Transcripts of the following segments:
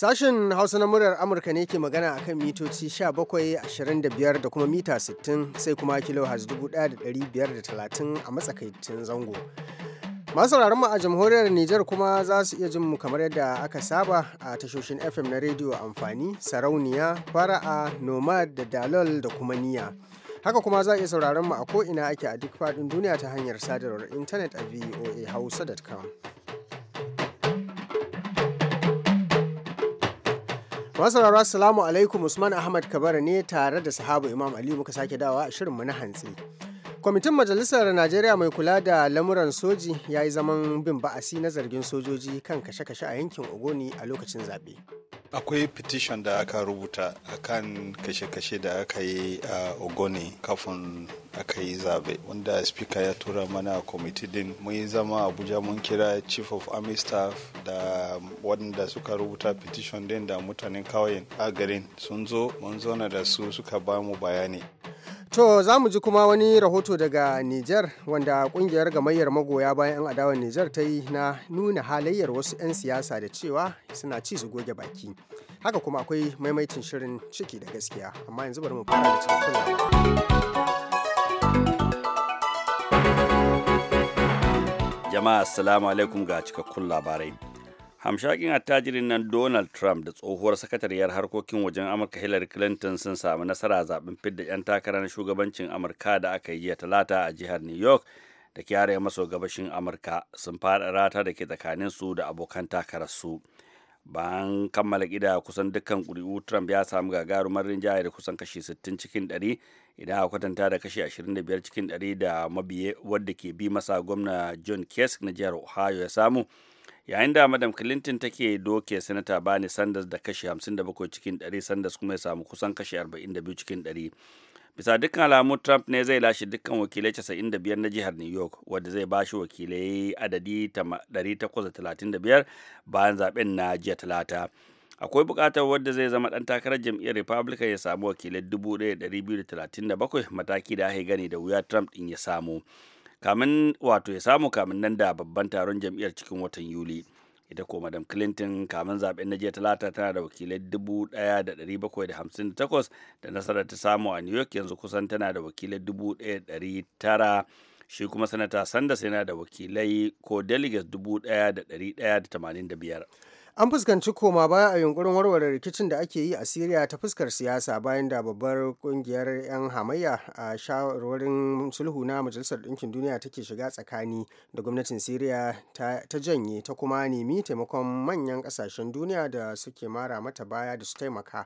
Sashen Hausa na muryar Amurka ne ke magana akan mitoci 17, 25 da kuma mita 60 sai kuma kilohaz 1530 a matsakaicin zango. Masu mu a jamhuriyar Nijar kuma za su iya jin mu kamar yadda aka saba a tashoshin FM na rediyo amfani, sarauniya, fara'a, nomad da dalol da kuma niya. Haka kuma za a iya sauraron mu a ko'ina ake a duk faɗin duniya ta hanyar sadarwar intanet a voahausa.com. masarara salamu alaikum Usman Ahmad Kabara ne tare da sahabu Imam Aliyu muka sake dawa a shirin mu na hantsi. kwamitin majalisar najeriya mai kula da lamuran soji ya yi zaman bin ba'asi na zargin sojoji kan kashe-kashe a yankin ogoni a lokacin zaɓe akwai petition da aka rubuta akan kashe-kashe da aka yi a ogoni kafin aka yi zabe wanda speaker ya tura mana a kwamiti din mun yi zama abuja mun kira chief of army staff da wanda suka rubuta petition din da mutanen kauyen a garin sun zo mun zauna da su suka bamu bayani To za mu ji kuma wani rahoto daga Nijar wanda kungiyar gamayyar magoya bayan 'yan adawar Nijar ta yi na nuna halayyar wasu 'yan siyasa da cewa suna ci su goge baki. Haka kuma akwai maimaitin shirin ciki da gaskiya amma yanzu bari mu fara da cikin Jama'a assalamu alaikum ga cikakkun labarai. hamshakin attajirin nan donald trump da tsohuwar sakatariyar harkokin wajen amurka hillary clinton sun sami nasara zaben fidda 'yan takarar shugabancin amurka da aka yi a talata a jihar new york da ke maso gabashin amurka sun fada rata da ke tsakanin su da abokan takararsu bayan kammala gida kusan dukkan ƙuri'u trump ya samu gagarumar rinjaye da kusan kashi 60 cikin 100 idan a kwatanta da kashi 25 cikin 100 da mabiye wadda ke bi masa gwamna john kesk na jihar ohio ya samu yayin da madam clinton take doke sanata bani sanders da kashi 57 cikin 100 sanders kuma ya samu kusan kashi 42 cikin 100 bisa dukkan alamu trump ne zai lashe dukkan wakilai 95 na jihar new york wadda zai bashi wakilai adadi 835 bayan zaben na jiya talata akwai bukatar wadda zai zama dan takarar jam'iyyar republican ya samu wakilai 1237 mataki da ya gani da wuya trump din ya samu kamin wato ya samu kamin nan da babban taron jam'iyyar cikin watan yuli ita ko madam clinton kamin zaben na jiya talata tana da wakilai 1758 da da takwas nasarar ta samu a new york yanzu kusan tana da wakilai tara shi kuma sanata sanders yana da wakilai ko delegates biyar. An fuskanci koma baya a yunkurin warware rikicin da ake yi a Siriya ta fuskar siyasa bayan da babbar kungiyar 'yan hamayya a shawarwarin sulhu na Majalisar Ɗinkin Duniya take shiga tsakani da gwamnatin Siriya ta janye ta kuma nemi taimakon manyan ƙasashen duniya da suke mara mata baya da su taimaka.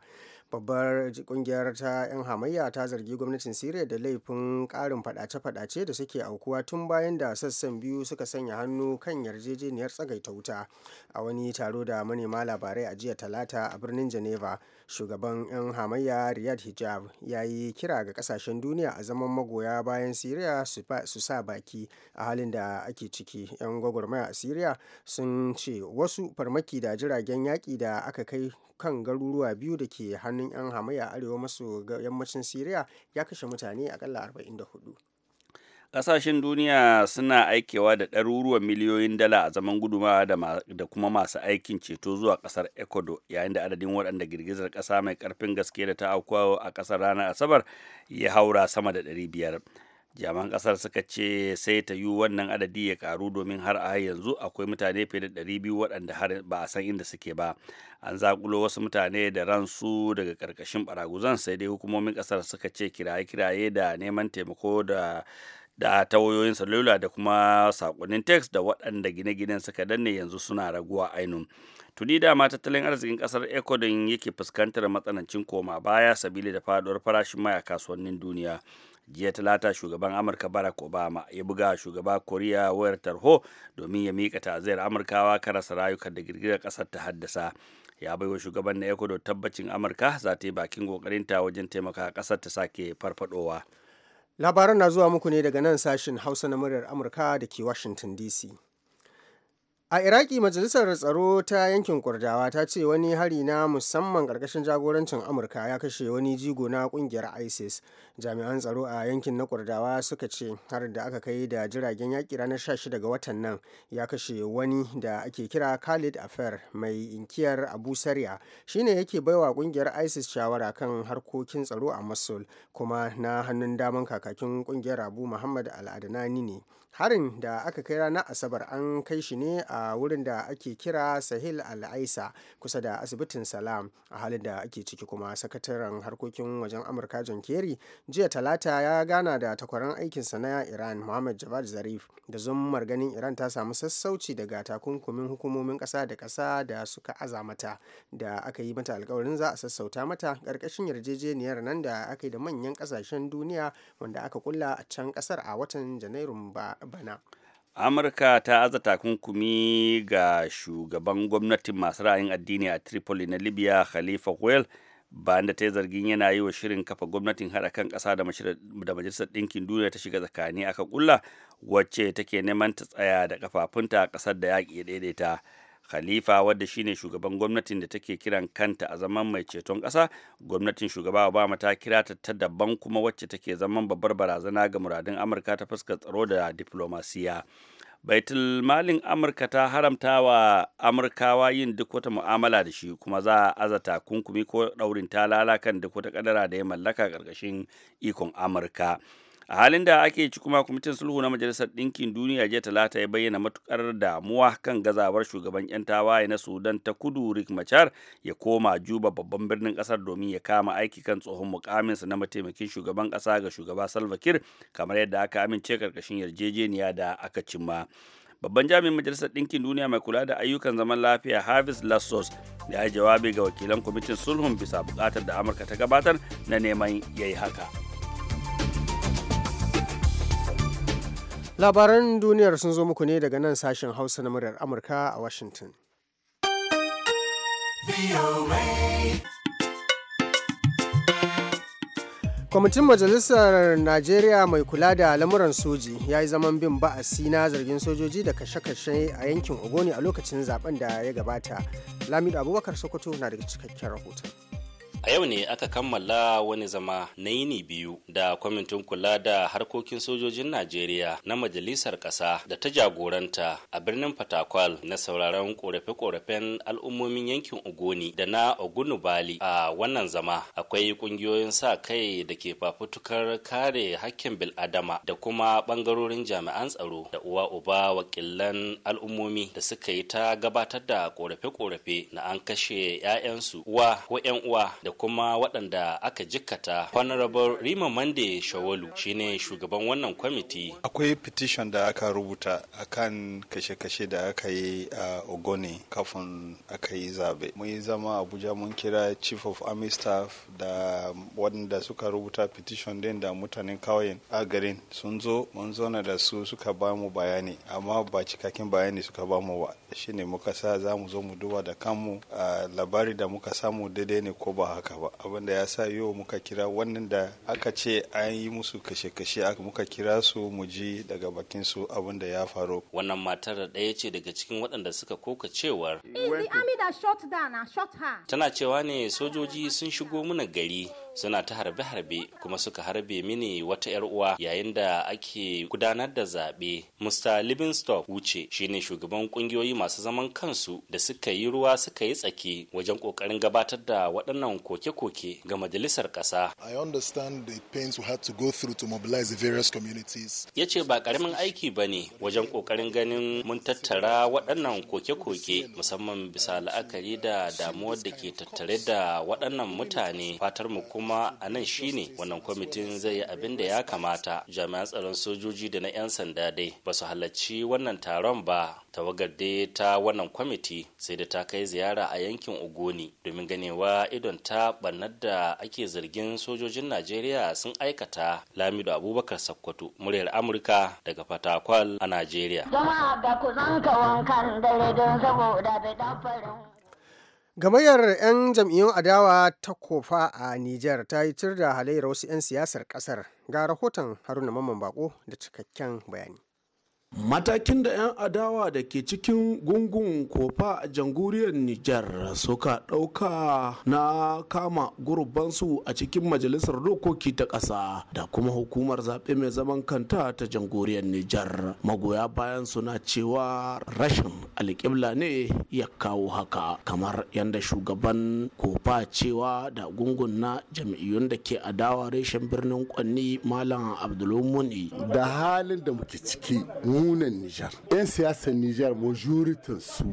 babbar kungiyar ta 'yan hamayya ta zargi gwamnatin siriya da laifin karin fadace-fadace da suke aukuwa tun bayan da sassan biyu suka sanya hannu kan yarjejeniyar tsagaita wuta a wani taro da manema labarai a jiya talata a birnin geneva shugaban 'yan hamayya riyad hijab ya yi kira ga kasashen duniya a zaman magoya bayan siriya su sa baki a halin da ake ciki 'yan gwagwarmaya a siriya sun ce wasu farmaki da jiragen yaƙi da aka kai kan garuruwa biyu da ke hannun 'yan hamayya arewa maso yammacin siriya ya kashe mutane akalla 44 Ƙasashen duniya suna aikewa da ɗaruruwan miliyoyin dala a zaman gudumawa da kuma masu aikin ceto zuwa ƙasar Ecuador yayin da adadin waɗanda girgizar ƙasa mai ƙarfin gaske da ta auku a ƙasar ranar Asabar ya haura sama da ɗari biyar. Jaman ƙasar suka ce sai ta yi wannan adadi ya ƙaru domin har a yanzu akwai mutane fiye da ɗari biyu waɗanda har ba a san inda suke ba. An zaƙulo wasu mutane da ransu daga ƙarƙashin baraguzan sai dai hukumomin ƙasar suka ce kiraye-kiraye da neman taimako da da ta wayoyin salula da kuma sakonnin text da waɗanda gine-ginen suka danne yanzu suna raguwa ainun tuni da ma tattalin arzikin kasar ecuador yake fuskantar matsanancin koma baya sabili da faduwar farashin mai a kasuwannin duniya jiya talata shugaban amurka barack obama ya buga shugaba koriya wayar tarho domin ya miƙa ta'aziyar amurkawa karasa rayukan da girgizar ƙasar ta haddasa ya baiwa shugaban na ecuador tabbacin amurka za ta yi bakin kokarin ta wajen taimaka ƙasar ta sake farfadowa. labaran na zuwa muku ne daga nan sashen hausa na muryar amurka da ke washington dc a iraki majalisar tsaro ta yankin kurdawa ta ce wani hari na musamman ƙarƙashin jagorancin amurka ya kashe wani jigo na ƙungiyar isis jami'an tsaro a yankin na kurdawa suka ce har da aka kai da jiragen yaƙi ranar 16 ga watan nan ya kashe wani da ake kira khalid affair mai inkiyar abu sarya ne yake baiwa ƙungiyar isis shawara kan harkokin tsaro a mosul kuma na hannun daman kakakin ƙungiyar abu muhammad adnani ne harin da aka kai ranar asabar an kai shi ne a a wurin da ake kira sahil al aisa kusa da asibitin salam a halin da ake ciki kuma sakataren harkokin wajen amurka john kerry jiya talata ya gana da takwaran aikinsa na iran muhammad javad zarif da zummar ganin iran ta samu sassauci daga takunkumin hukumomin ƙasa da ƙasa da suka aza mata da aka yi mata alkawarin za a sassauta mata ƙarƙashin yarjejeniyar nan da aka yi da manyan ƙasashen duniya wanda aka kulla a can ƙasar a watan janairun bana. amurka ta aza takunkumi ga shugaban gwamnatin masu ra'ayin addini a tripoli na libya khalifa well bayan da ta yi zargin yana yi wa shirin kafa gwamnatin haɗa kan ƙasa da majalisar ɗinkin duniya ta shiga tsakani aka ƙulla wacce take neman ta tsaya da kafafunta a ƙasar da yaƙi ya daidaita khalifa wadda shine shugaban gwamnatin da take kiran kanta a zaman mai ceton ƙasa gwamnatin shugaba obama ta kira ta daban kuma wacce take zaman babbar barazana ga muradun amurka ta fuskar tsaro da diplomasiya baitul malin amurka ta haramta wa amurkawa yin duk wata mu'amala da shi kuma za a aza takunkumi ko ɗaurin talala kan duk wata kadara da ya mallaka ƙarƙashin ikon amurka a halin da ake ci kuma kwamitin sulhu na majalisar ɗinkin duniya jiya talata ya bayyana matukar damuwa kan gazawar shugaban 'yan tawaye na sudan ta kudu rick machar ya koma juba babban birnin ƙasar domin ya kama aiki kan tsohon mukaminsa na mataimakin shugaban ƙasa ga shugaba salva kamar yadda aka amince karkashin yarjejeniya da aka cimma babban jami'in majalisar ɗinkin duniya mai kula da ayyukan zaman lafiya harvis lassos ya yi jawabi ga wakilan kwamitin sulhun bisa buƙatar da amurka ta gabatar na neman ya yi haka. labaran duniyar sun zo muku ne daga nan sashen hausa na muryar amurka a washington kwamitin majalisar najeriya mai kula da lamuran soji ya yi zaman bin ba'asi na zargin sojoji da kashe-kashe a yankin ogoni a lokacin zaben da ya gabata lamidu abubakar sokoto na daga cikakken rahoton A yau ne aka kammala wani zama na yini biyu da kwamitin kula da harkokin sojojin Najeriya na majalisar ƙasa da ta jagoranta a birnin Fatakwal na sauraron ƙorafe-ƙorafen al'ummomin yankin Ogoni da na Ogunubali a wannan zama akwai ƙungiyoyin sa kai da ke fafutukar kare hakkin bil'adama da kuma ɓangarorin jami'an tsaro da uwa uba wakilan al'ummomi da suka yi ta gabatar da ƙorafe-ƙorafe na an kashe 'ya'yansu uwa ko 'yan uwa da da kuma waɗanda aka jikkata honorable rima mande shawalu shine shugaban wannan kwamiti akwai petition da aka rubuta akan kashe-kashe da aka yi a ogoni kafin aka yi zabe mun yi zama abuja mun kira chief of army staff da waɗanda suka rubuta petition din da mutanen kawayen a garin sun zo mun na da su suka ba mu bayani amma ba cikakken bayani suka ba mu ba shine muka sa za mu zo mu duba da kanmu labari da muka samu daidai ne ko ba haka ba abin da ya sa yau muka kira wannan da aka ce an yi musu kashe-kashe muka kira su mu ji daga bakin su abin da ya faru wannan matar da ɗaya ce daga cikin waɗanda suka koka cewar eh, uh, tana cewa ne sojoji sun shigo mana gari suna ta harbe-harbe kuma suka harbe mini wata 'yar uwa yayin da ake gudanar da zaɓe. Mr. Livingstone Wuce shine shugaban kungiyoyi masu zaman kansu da suka yi ruwa suka yi tsaki wajen kokarin gabatar da waɗannan koke-koke ga majalisar ƙasa. I understand the pains we had to go through to mobilize the various communities. Ya ce ba ƙaramin aiki ba ne wajen kokarin ganin mun tattara waɗannan koke-koke musamman bisa la'akari da damuwar da ke tattare da waɗannan mutane fatar mu kuma kuma a nan shine wannan kwamitin zai yi abin da ya kamata jami'an tsaron sojoji da na 'yan sanda dai ba su halarci wannan taron ba tawagar dai ta wannan kwamiti sai da ta kai ziyara a yankin ogoni domin ganewa idon ta bannar da ake zargin sojojin najeriya sun aikata lamido abubakar sakkwato muryar amurka daga fatakwal a najeriya jama'a da ku zanka wankan dare don saboda bai Gamayyar 'yan jam'iyyun adawa ta kofa a Nijar ta yi tur da halayyar wasu 'yan siyasar ƙasar ga rahoton Haruna Mamman Bako da cikakken bayani. Matakin da 'yan adawa da ke cikin gungun kofa a janguriyar Nijar suka ɗauka na kama gurbansu a cikin majalisar dokoki ta ƙasa da kuma hukumar zaɓe mai zaman kanta ta janguriyar Nijar. Magoya bayan suna cewa rashin alƙibla ne ya kawo haka kamar yadda shugaban kofa cewa da gungun na jam'iyyun da ke adawa reshen birnin kwanni Malam Abdulmuni. Da halin da muke ciki munan Nijar. 'Yan siyasar Nijar majoritin su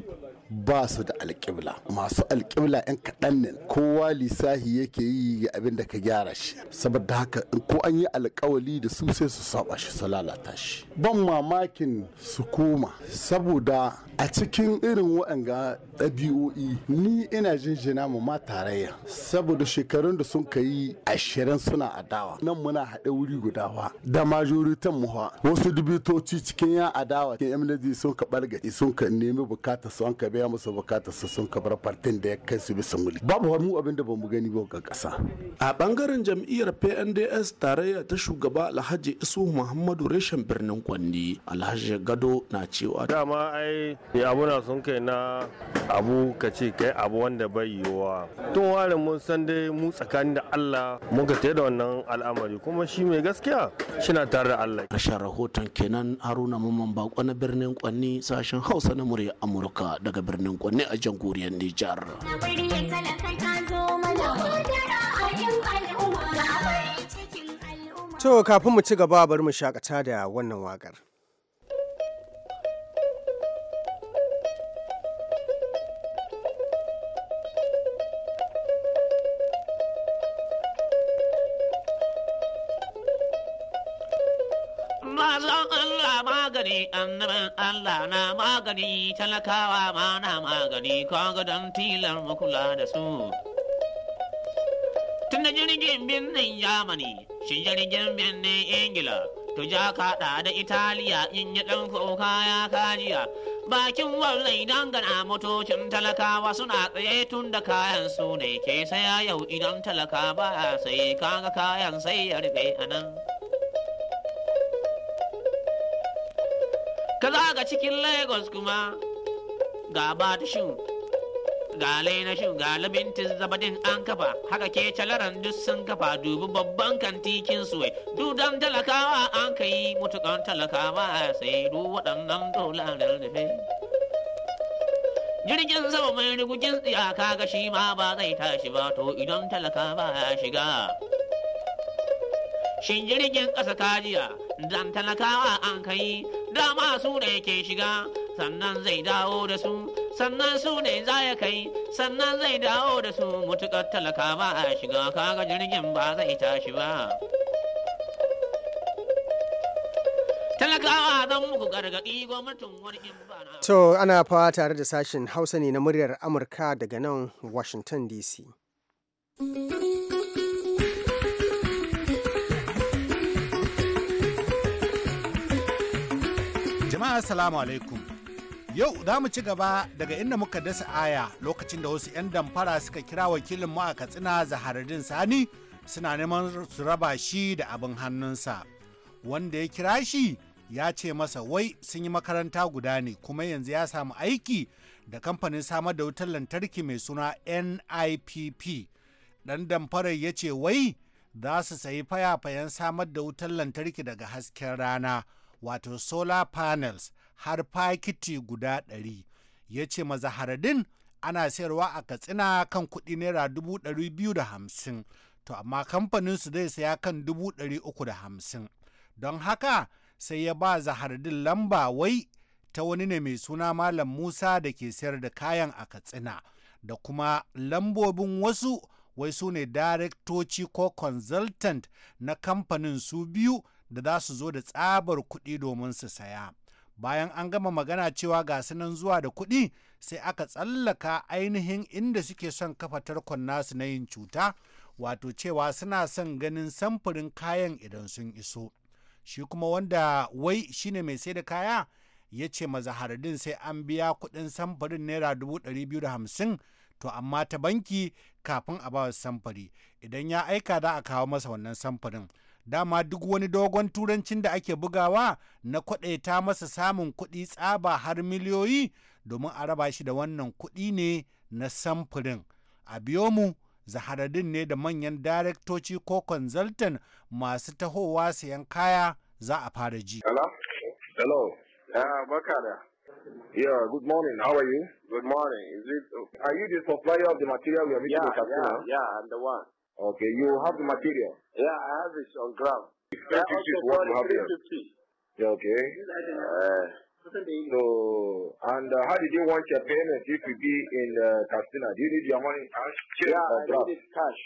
ba su da alƙibla masu alƙibla 'yan kaɗan ne kowa lissahi yake yi ga abin da ka gyara shi saboda haka ko an yi alƙawali da su sai su saba shi su lalata shi ban mamakin su koma saboda a cikin irin waɗanga ɗabi'o'i ni ina jinjina mu ma tarayya saboda shekarun da sun kai ashirin suna adawa nan muna haɗe wuri guda gudawa da majoritan muha wasu dubitoci cikin ya adawa ke mld sun ka ɓargaɗe sun ka nemi bukata su an ka biya musu bukatar su sun kabar partin da ya kai su bisa mulki babu abu abin da bamu gani ba ga kasa a bangaren jam'iyyar PNDS tarayya ta shugaba Alhaji Isu Muhammadu Reshen birnin kwanni Alhaji Gado na cewa dama ai abuna sun kai na abu ka kai abu wanda bai yiwuwa tun ware mun san dai mu tsakanin da Allah mun ka da wannan al'amari kuma shi mai gaskiya shina tare da Allah rashin rahoton kenan Haruna Mamman Bako na birnin Kwanni sashen Hausa na murya Amurka daga birnin kwanne a jamhuriyar Nijar. To kafin mu ci gaba bari mu shakata da wannan wakar. magani annaban Allah na magani talakawa ma na magani kaga don tilar makula da su. Tun da jirgin birnin Yamani, shi jirgin birnin Ingila, to ja kaɗa da Italiya in yi ɗan kuka ya kajiya. Bakin wallai gana motocin talakawa suna tsaye tun da kayan su ne ke saya yau idan talaka ba sai kaga kayan sai ya rufe a nan. ka za ga cikin lagos kuma ga batishin ga shu. ga labintin zabadin an kafa haka ke calaran duk sun kafa dubi babban kantikin duk dudan talakawa an ka yi mutukan talakawa sai du waɗannan dolarar da jirgin sama mai rigujin tsiyaka ga shi ma ba zai tashi ba to idan talakawa ya shiga shin jirgin ƙasa kajiya dan talakawa an kai dama su ne ke shiga sannan zai dawo da su sannan su ne za ya kai sannan zai dawo da su mutukar talaka ba a shiga kaga jirgin ba zai tashi ba talakawa zan muku gargaɗi gwamnatin wani to ana fawa tare da sashen hausa ne na muryar amurka daga nan washington dc Jama'a salamu alaikum. Yau za mu ci gaba daga inda muka dasa aya lokacin da wasu 'yan damfara suka kira wakilin mu a Katsina Zaharuddin Sani suna neman su raba shi da abin hannunsa. Wanda ya kira shi ya ce masa wai sun yi makaranta guda ne kuma yanzu ya samu aiki da kamfanin samar da wutar lantarki mai suna NIPP. Dan damfarar ya ce wai za su sayi fayafayen samar da wutar lantarki daga hasken rana. wato solar panels har fakiti guda ɗari ya ce mazaharadin ana sayarwa a katsina kan kuɗi naira dubu ɗari biyu da hamsin to amma kamfanin su zai saya kan dubu ɗari uku da hamsin don haka sai ya ba zahardin lamba wai ta wani ne mai suna malam musa da ke sayar da kayan a katsina da kuma lambobin wasu wai su ne ko consultant na kamfanin su biyu da za su zo da tsabar kuɗi domin su saya. Bayan an gama magana cewa ga sunan zuwa da kuɗi sai aka tsallaka ainihin inda suke son kafa tarkon nasu na yin cuta, wato cewa suna son ganin samfurin kayan idan sun iso. Shi kuma wanda wai shine mai sai da kaya ya ce mazaharadin sai an biya kuɗin samfurin naira dubu ɗari biyu da hamsin to amma ta banki kafin a ba samfuri idan ya aika za a kawo masa wannan samfurin dama duk wani dogon turancin da ake bugawa na ta masa samun kuɗi tsaba har miliyoyi domin a raba shi da wannan kuɗi ne na samfurin a biyo mu zaharadin ne da manyan daraktoci ko consultant masu tahowa sayan kaya za a fara ji. Hello? Ah, Okay, you have the material. Yeah, I have it on ground. Yeah, is what you have here. Yeah, okay. Uh, so, and uh, how did you want your payment if you be in uh, Castina? Do you need your money in cash? Yeah, I draft? need it cash.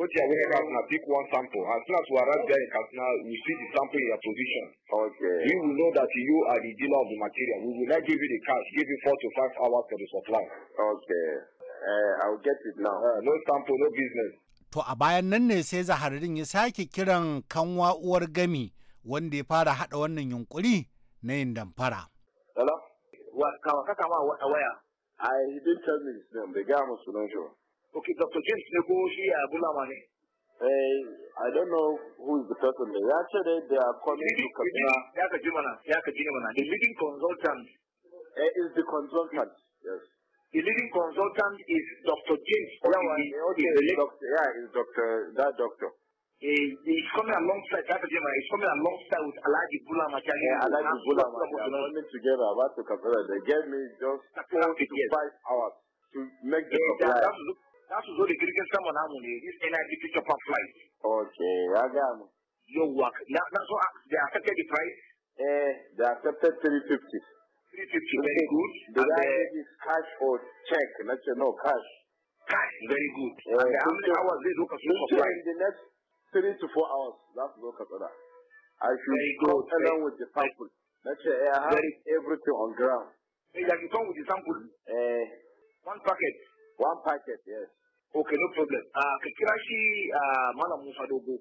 Go to your warehouse and pick one sample. As soon as we arrive there in Castina, we see the sample in your position. Okay. We will know that you are the dealer of the material. We will not give you the cash. Give you four to five hours for the supply. Okay. Uh, I'll get it now. Uh, no sample, no business. To a bayan nan ne sai zaharin ya sake kiran kanwa uwar gami wanda ya fara haɗa wannan yunkuri na yin damfara. Hello? Kawa kaka ma waya. I didn't tell you his name, bai gaya musu nan shi ba. Okay, Dr. James ne ko shi ya bulama ne? Eh, I don't know who is the person there. Ya ce dai they are calling to Kaduna. Ya ka ji mana, ya ka ji mana. The leading consultant. Eh, is the consultant, yes. The leading consultant is Dr. James Olawale. Okay, okay. Doctor, yeah, is Dr. that doctor. he he's coming alongside that gentleman. He's coming alongside with Alaji Bulama. Yeah, Alaji Bulama. They're coming together about to compare. They gave me just four to yes. five hours to make the yeah, that, that's, that's what the Greek someone I'm on This NIP chopper flight. Okay, I got Your work. Now, that's what they accepted the price. Eh, they accepted three fifty. 350 very good. The and guy the, his cash or check? Let's say no cash. Cash, very good. Yeah, and how many hours they look at In the next three to four hours, that's look at that. I should very go good. along with the sample. Let's say I have everything on ground. Yeah, you come with the sample. Uh, one packet. One packet, yes. Okay, no problem. Uh, kira shi uh, Musa Dogo.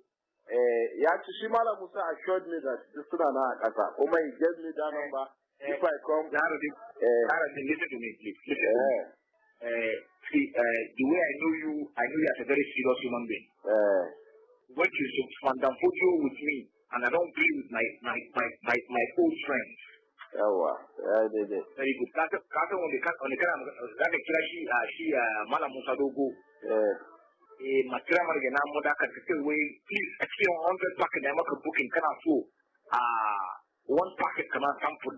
Eh, ya ci shi Malam Musa assured me that duk suna na a ƙasa, kuma he gave me that eh. number. Before I come, Harry, Harry, listen to me, please. Listen to Uh, see, uh, the way I know you, I know you as a very serious human being. Uh, when you fandanfojo with me, and I don't play with my my my my, my old friends. Yawa, oh, ya daidai. Very good. Ka san on the wanda kana za ka kira shi she uh, shi a uh, Malam Musa Dogo. Eh. Eh, makira marga na mu da ka tafi wai please a cikin 100 packet na maka booking Can I so a ah, one packet can kamar sample.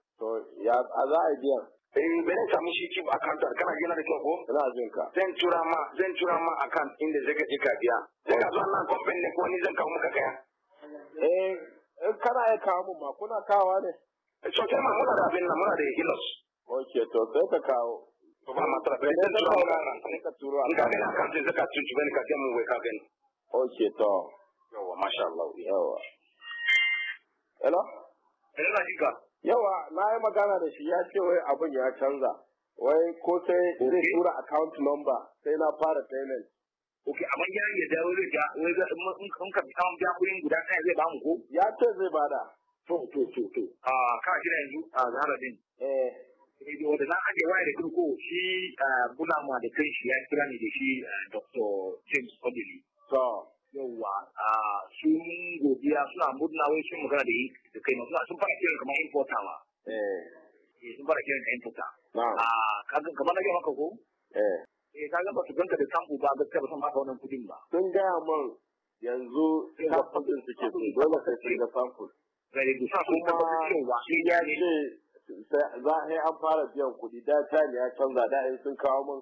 to ya za a biyan eh bari samu shi chief accountant kana gina da kyau ko ina jin ka zan tura ma zan tura ma account inda ka je ka biya ka zo nan ko ni zan kawo maka kaya eh in kana ya kawo mun ma kuna kawa ne eh? eh, so ma muna da muna da hilos okay to sai ka kawo to ba ma nan ka an ka zai ka ga wai ka okay to yawa yawa hello hello yawa na yi magana da shi ya ce wai abin ya canza wai ko sai zai tura account number sai na fara payment ok amma ya ya dawo da ga wai ga in kan ka bi kan biya kuɗin guda kai zai ba mu ko ya ce zai bada to to to to a ka shi yanzu a zara din eh ne eh, wanda na aje waya da kirko shi eh, bulama da kai shi ya kira ni da shi eh, dr james odili to a sun godiya suna murna wai sun magana da yi da kai ma sun fara kiran kamar importawa ma eh. eh sun fara kiran ka importa a kaga kamar na maka ko eh eh kaga ba su ganka da sambu ba gaskiya ba san haka wannan kudin ba sun gaya man yanzu fadin eh, su ke so dole kai sun ga sample gari da sun su cewa shi ya ce za a yi an fara biyan kuɗi da ta ne ya canza da in sun kawo min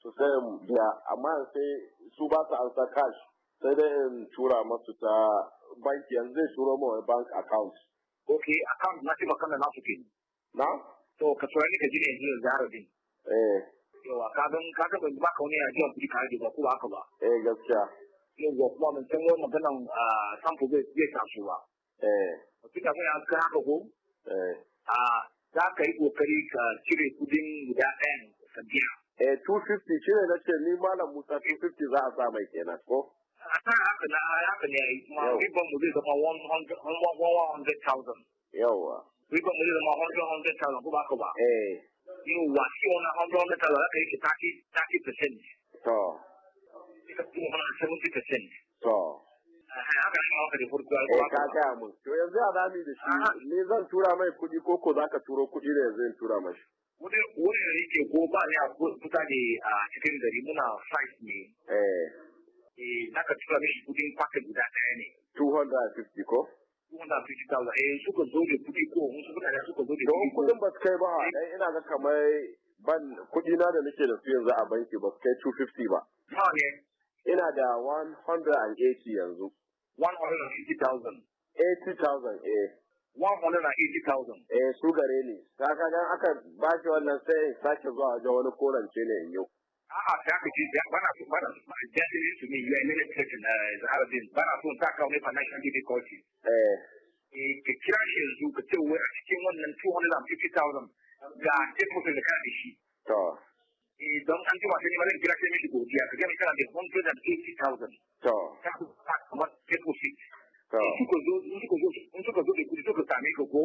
su sayan biya amma sai su ba su ansa kashi. sai dai in tura masu ta banki yanzu zai turo mawa bank account ok account na taimakon kanda nasu ke na to ka ne ka ji ne yanzu yanzu har din eh yawa ka gan ka ga ba baka wani ajiyar kuɗi kare ba ko haka ba eh gaskiya yawa kuma mun san wani maganan ah, sample zai zai taso ba eh mutum ka ga ka haka ko eh Ah, za ka yi kokari ka cire kudin guda ɗayan ka biya eh 250 ne na ce ni malam Musa 250 za a sa mai kenan ko akan haka na haka ne yayi kuma riban mu zai zama 100,000 yawa riban mu zai zama 100,000 ko ba ka ba eh shi wannan 100,000 zaka yi 30 30% to ita kuma wannan 70% to eh, ka gaya mun to yanzu a rami da shi ne zan tura mai kuɗi ko ko za turo kuɗi da yanzu in tura mashi wurin yake ko ba ne a kuta ne a cikin gari muna site ne eh. eh zaka tura mishi kudin guda ɗaya ne 250 ko eh zo da ko wasu mutane suka zo da don kuɗin ba kai ba eh. ina ga kamar ban na da nake da su yanzu a banki ba su kai 250 ba ne ina da 180 yanzu 180,000 80,000 eh 180,000 eh su gare ni saka dan aka ba shi wannan sai sake zuwa wajen wani korance ne yau a'a sai aka ce bana so bana jahilin su ne ya ne ne cikin na zaharabin bana so ta kawo mai financial difficulty ka kira shi yanzu ka ce wai a cikin wannan 250,000 ga deposit da kana da shi don an jima sai malam kira sai mishi godiya ka gani kana da 180,000 to ka kuma deposit to in suka zo in suka zo in suka zo da kudi suka ko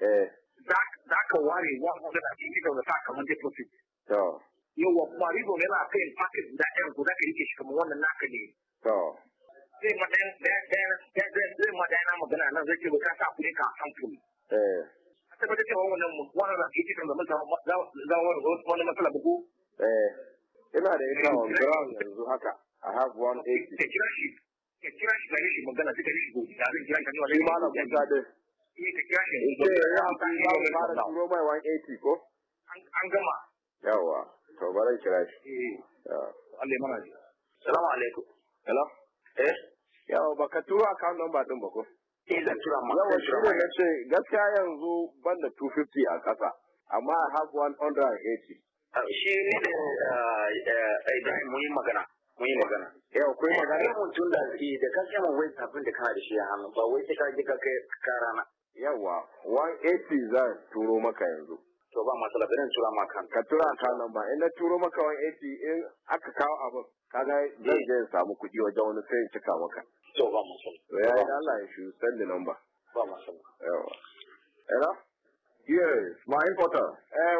eh za ka ware 180,000 sa kamar deposit to yawa kuma ribon yana kayan paket da ɗaya guda ka rike shi kuma wannan naka ne. Zai ma ɗaya magana nan zai ce ba ka sa kuɗi ka san kuɗi. Eh. A tabbatar cewa wannan wannan na kiti kan zama mun zama wani matsala ba ko. Eh. Ina da ita on ground yanzu haka. I have one eighty. Ka kira shi. Ka kira shi gare shi magana duka shi gobe. Da zai kira shi wani wani wani wani da. ka kira shi. ne. Ke ya hankali ba mu fara turo mai 180 ko? An gama. Yawwa. to baran kira shi eh. Allah mana ji assalamu alaikum hello eh yawa baka turo number din ba ko eh zan tura ma yawa shi ne gaskiya yanzu ban da 250 a kasa amma i have 180 ah, shi ne eh, eh, yi magana mun yi kai mun tun da ka da shi a hannu ba wai sai ka ka kai karana 180 zan turo maka yanzu to ba matsala tura ma ka tura ka nan ba in na turo maka wani AC in aka kawo abu kaga zan je samu kuɗi wajen wani sai in cika maka to ba matsala ya yi Allah ya shi san da number ba matsala yawa yes my importer eh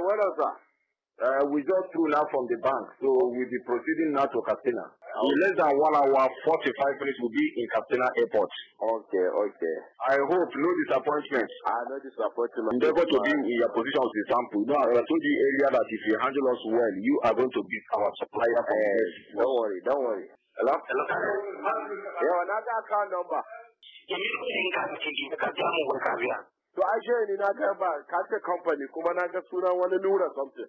Uh, we just threw now from the bank, so we'll be proceeding now to Katsina. In less than one hour, 45 minutes will be in Katina Airport. Okay, okay. I hope no disappointment. I ah, no disappointment. Endeavor to be in your position as a sample. You I told you earlier that if you handle us well, you are going to be our supplier. Uh, don't us. worry, don't worry. Hello? Hello? Yeah, another account number. So I joined in another bank, Kata company, Kumanaga Suna, one Lura something.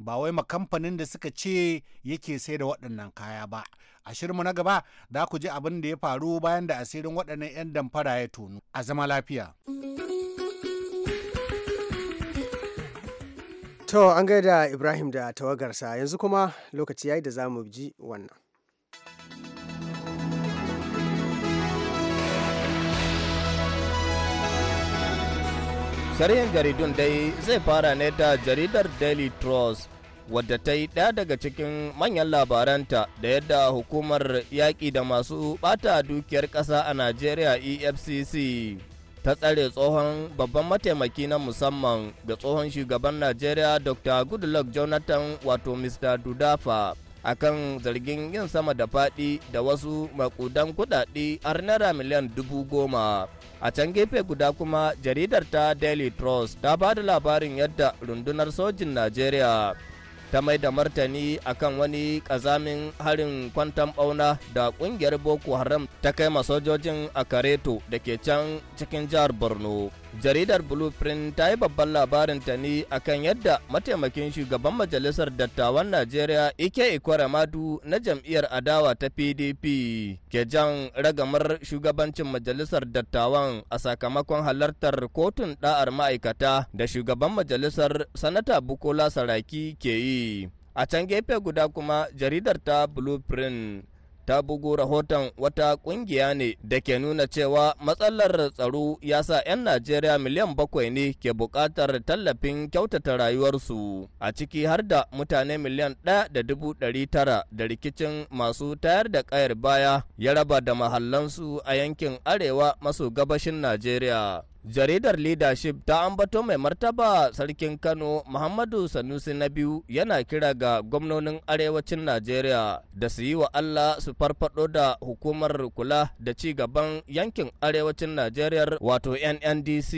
ba wai makamfanin da suka ce yake sai da waɗannan kaya ba a shirmu na gaba za ku ji abin da ya faru bayan da asirin waɗannan 'yan damfara ya tonu a zama lafiya to an gaida ibrahim da tawagarsa yanzu kuma lokaci ya yi da za mu ji wannan Sharhin jaridun dai zai fara ne da jaridar Daily Trust wadda ta yi ɗaya daga cikin manyan labaranta da yadda hukumar yaƙi da masu ɓata dukiyar ƙasa a Najeriya EFCC ta tsare tsohon babban mataimaki na musamman ga tsohon shugaban Najeriya Dr. Goodluck Jonathan wato Mr. Dudafa. kan zargin yin sama da faɗi da wasu makudan kuɗaɗe har naira miliyan dubu goma a can gefe guda kuma jaridar ta daily trust ta ba da labarin yadda rundunar sojin najeriya ta mai da martani akan wani kazamin harin kwantan bauna da kungiyar boko haram ta kai masojojin a kareto da ke can cikin jihar borno jaridar blueprint ta yi babban labarin labarinta ne akan yadda mataimakin shugaban majalisar dattawan najeriya ike ikwara madu na jam'iyyar adawa ta pdp ke jan ragamar shugabancin majalisar dattawan a sakamakon halartar kotun da'ar ma'aikata da shugaban majalisar sanata bukola saraki ke yi a can gefe guda kuma jaridar ta blueprint ta bugu rahoton wata kungiya ne da ke nuna cewa matsalar tsaro ya sa 'yan Najeriya miliyan bakwai ne ke buƙatar tallafin kyautata rayuwarsu a ciki har da mutane miliyan ɗaya da dubu ɗari tara da rikicin masu tayar da ƙayar baya ya raba da mahallansu a yankin arewa maso gabashin Najeriya. jaridar leadership ta ambato mai martaba sarkin kano muhammadu sanusi na biyu yana kira ga gwamnonin arewacin najeriya da su yi wa allah su farfado da hukumar kula da ci gaban yankin arewacin najeriya wato nndc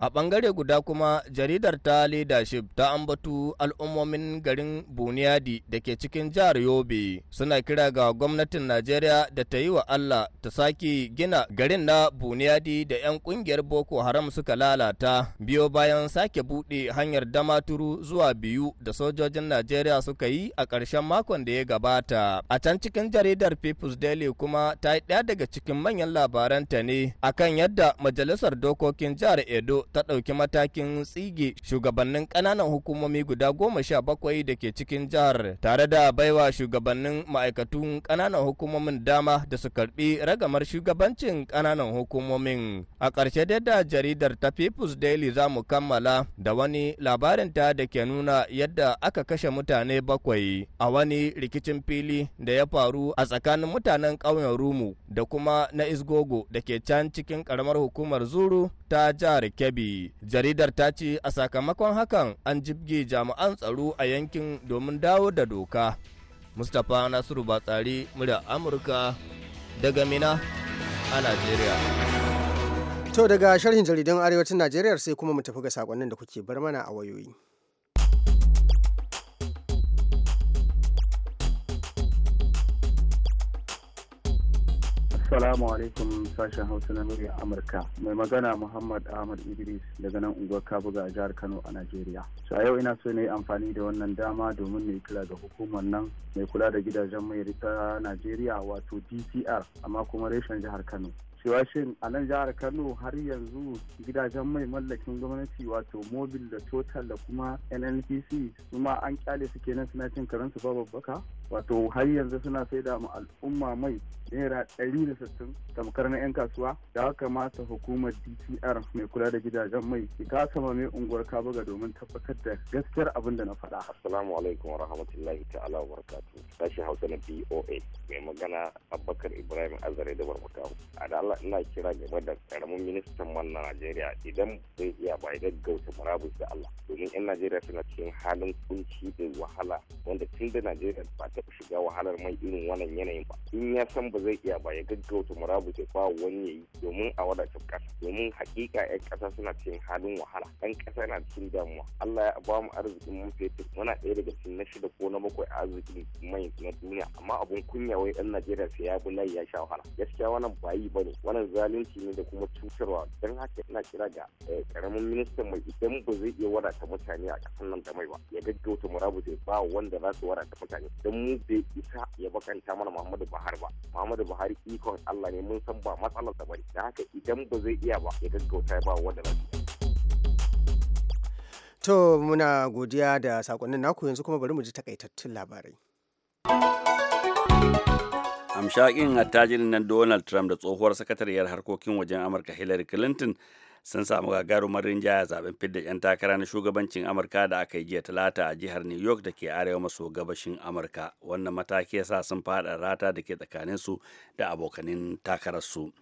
a bangare guda kuma jaridar ta leadership ta ambato al'ummomin garin buniyadi da ke cikin jihar yobe suna kira ga gwamnatin najeriya da ta yi wa allah ta sake gina garin na buniyadi da 'yan kungiyar boko Haram suka lalata biyo bayan sake buɗe hanyar damaturu zuwa biyu da sojojin Najeriya suka yi a ƙarshen makon da ya gabata. A can cikin jaridar People's Daily kuma ta yi ɗaya daga cikin manyan labaranta ne akan yadda Majalisar Dokokin Jihar Edo ta ɗauki matakin tsige shugabannin ƙananan hukumomi guda goma sha bakwai da ke cikin jihar tare da baiwa shugabannin ma'aikatun ƙananan hukumomin dama da su karɓi ragamar shugabancin ƙananan hukumomin. A ƙarshe dai da jaridar ta People's Daily za mu kammala da wani labarinta da ke nuna yadda aka kashe mutane bakwai a wani rikicin fili da ya faru a tsakanin mutanen ƙauyen Rumu da kuma na Isgogo da ke can cikin ƙaramar hukumar Zuru ta jihar Kebbi. Jaridar ta ce a sakamakon hakan an jibge jami'an tsaro a yankin domin dawo da doka. Mustapha Nasiru Batsari, murya Amurka daga Mina a Najeriya. To daga sharhin jaridan Arewacin Najeriya sai kuma mu tafi ga sakonnin da kuke bar mana a wayoyi. Salamu alaikum sashen Hausa na murya Amurka. Mai magana Muhammad Ahmad Idris daga nan unguwar Kabuga a jihar Kano a Najeriya. So a yau ina so na yi amfani da wannan dama domin ne kira ga hukumar nan mai kula da gidajen mai ta Najeriya wato DCR amma kuma reshen jihar Kano. Cewa shin a nan jihar Kano har yanzu gidajen mai mallakin gwamnati wato mobil da total da kuma NNPC su ma an kyale su kenan suna cin karansu babbaka? wato har yanzu suna sai da mu al'umma mai naira ɗari da sittin tamkar na 'yan kasuwa da haka mata hukumar dtr mai kula da gidajen mai ki kasa mai unguwar kabuga domin tabbatar da gaskiyar abin da na faɗa. assalamu alaikum wa rahmatullahi ta'ala wa barakatu sashi hausa na boa mai magana abubakar ibrahim azare da barbakawo a da ina kira game da karamin ministan man na najeriya idan zai iya ba ya gaggauta murabus da allah domin 'yan najeriya suna cikin halin kunci da wahala wanda tun da najeriya ba taɓa shiga wahalar mai irin wannan yanayin ba in ya san ba zai iya ba ya gaggauta murabus ya ba wani ya yi domin a wadatar ƙasa domin hakika 'yan kasa suna cikin halin wahala 'yan kasa yana cikin damuwa Allah ya ba mu arzikin mun fetur muna ɗaya daga cikin na shida ko na bakwai arzikin mai na duniya amma abun kunya wai yan Najeriya sai ya bi layi ya sha wahala gaskiya wannan ba yi ba ne. wannan zalunci ne da kuma cutarwa don haka ina kira ga karamin eh, ministan mai idan ba zai iya wadata mutane a ƙasar nan da mai ba ya gaggauta murabus ya ba wanda za su wadata mutane don mu bai isa ya bakanta mana Muhammadu Buhari ba Muhammadu Buhari ikon Allah ne mun san ba matsalar da bari da haka idan ba zai iya ba ya gaggauta ba wanda na To muna godiya da sakonnin naku yanzu kuma bari mu ji takaitattun labarai. Amshakin attajirin nan Donald Trump da tsohuwar sakatariyar harkokin wajen Amurka Hillary Clinton sun samu gagarumar rinjaya zaben fidda 'yan takara na shugabancin amurka da aka yi jiya talata a jihar new york da ke arewa maso gabashin amurka wannan mataki yasa sun fada rata da ke tsakanin su da abokanin takararsu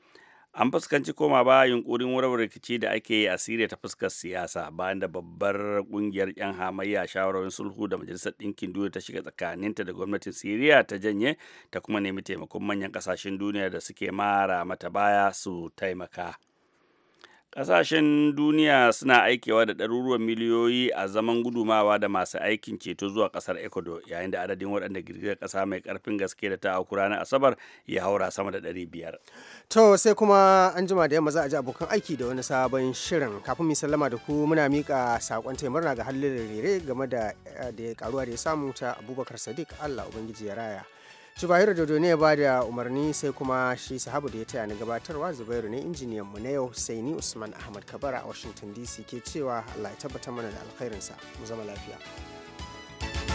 an fuskanci koma ba yunkurin wurin rikici da ake yi a siriya ta fuskar siyasa bayan da babbar kungiyar yan hamayya shawarwarin sulhu da majalisar ɗinkin duniya ta shiga tsakaninta da gwamnatin siriya ta janye ta kuma nemi taimakon manyan ƙasashen duniya da suke mara mata baya su taimaka Ƙasashen duniya suna aikewa da ɗaruruwan miliyoyi a zaman gudumawa da masu aikin ceto zuwa ƙasar Ecuador yayin da adadin waɗanda girgizar ƙasa mai ƙarfin gaske da ta auku ranar Asabar ya haura sama da ɗari biyar. To sai kuma an jima da yamma za a ji abokan aiki da wani sabon shirin kafin mu sallama da ku muna miƙa saƙon taimar na ga halin rere game da eh, ya karuwa da ya samu ta Abubakar Sadiq Allah Ubangiji ya raya. Zubairu Dodo ne ba da umarni sai kuma shi sahabu da ya taya ni gabatarwa Zubairu ne injiniyan mu na yau sai ni Usman Ahmad Kabara a Washington DC ke cewa Allah ya tabbatar mana da alkhairinsa mu zama lafiya.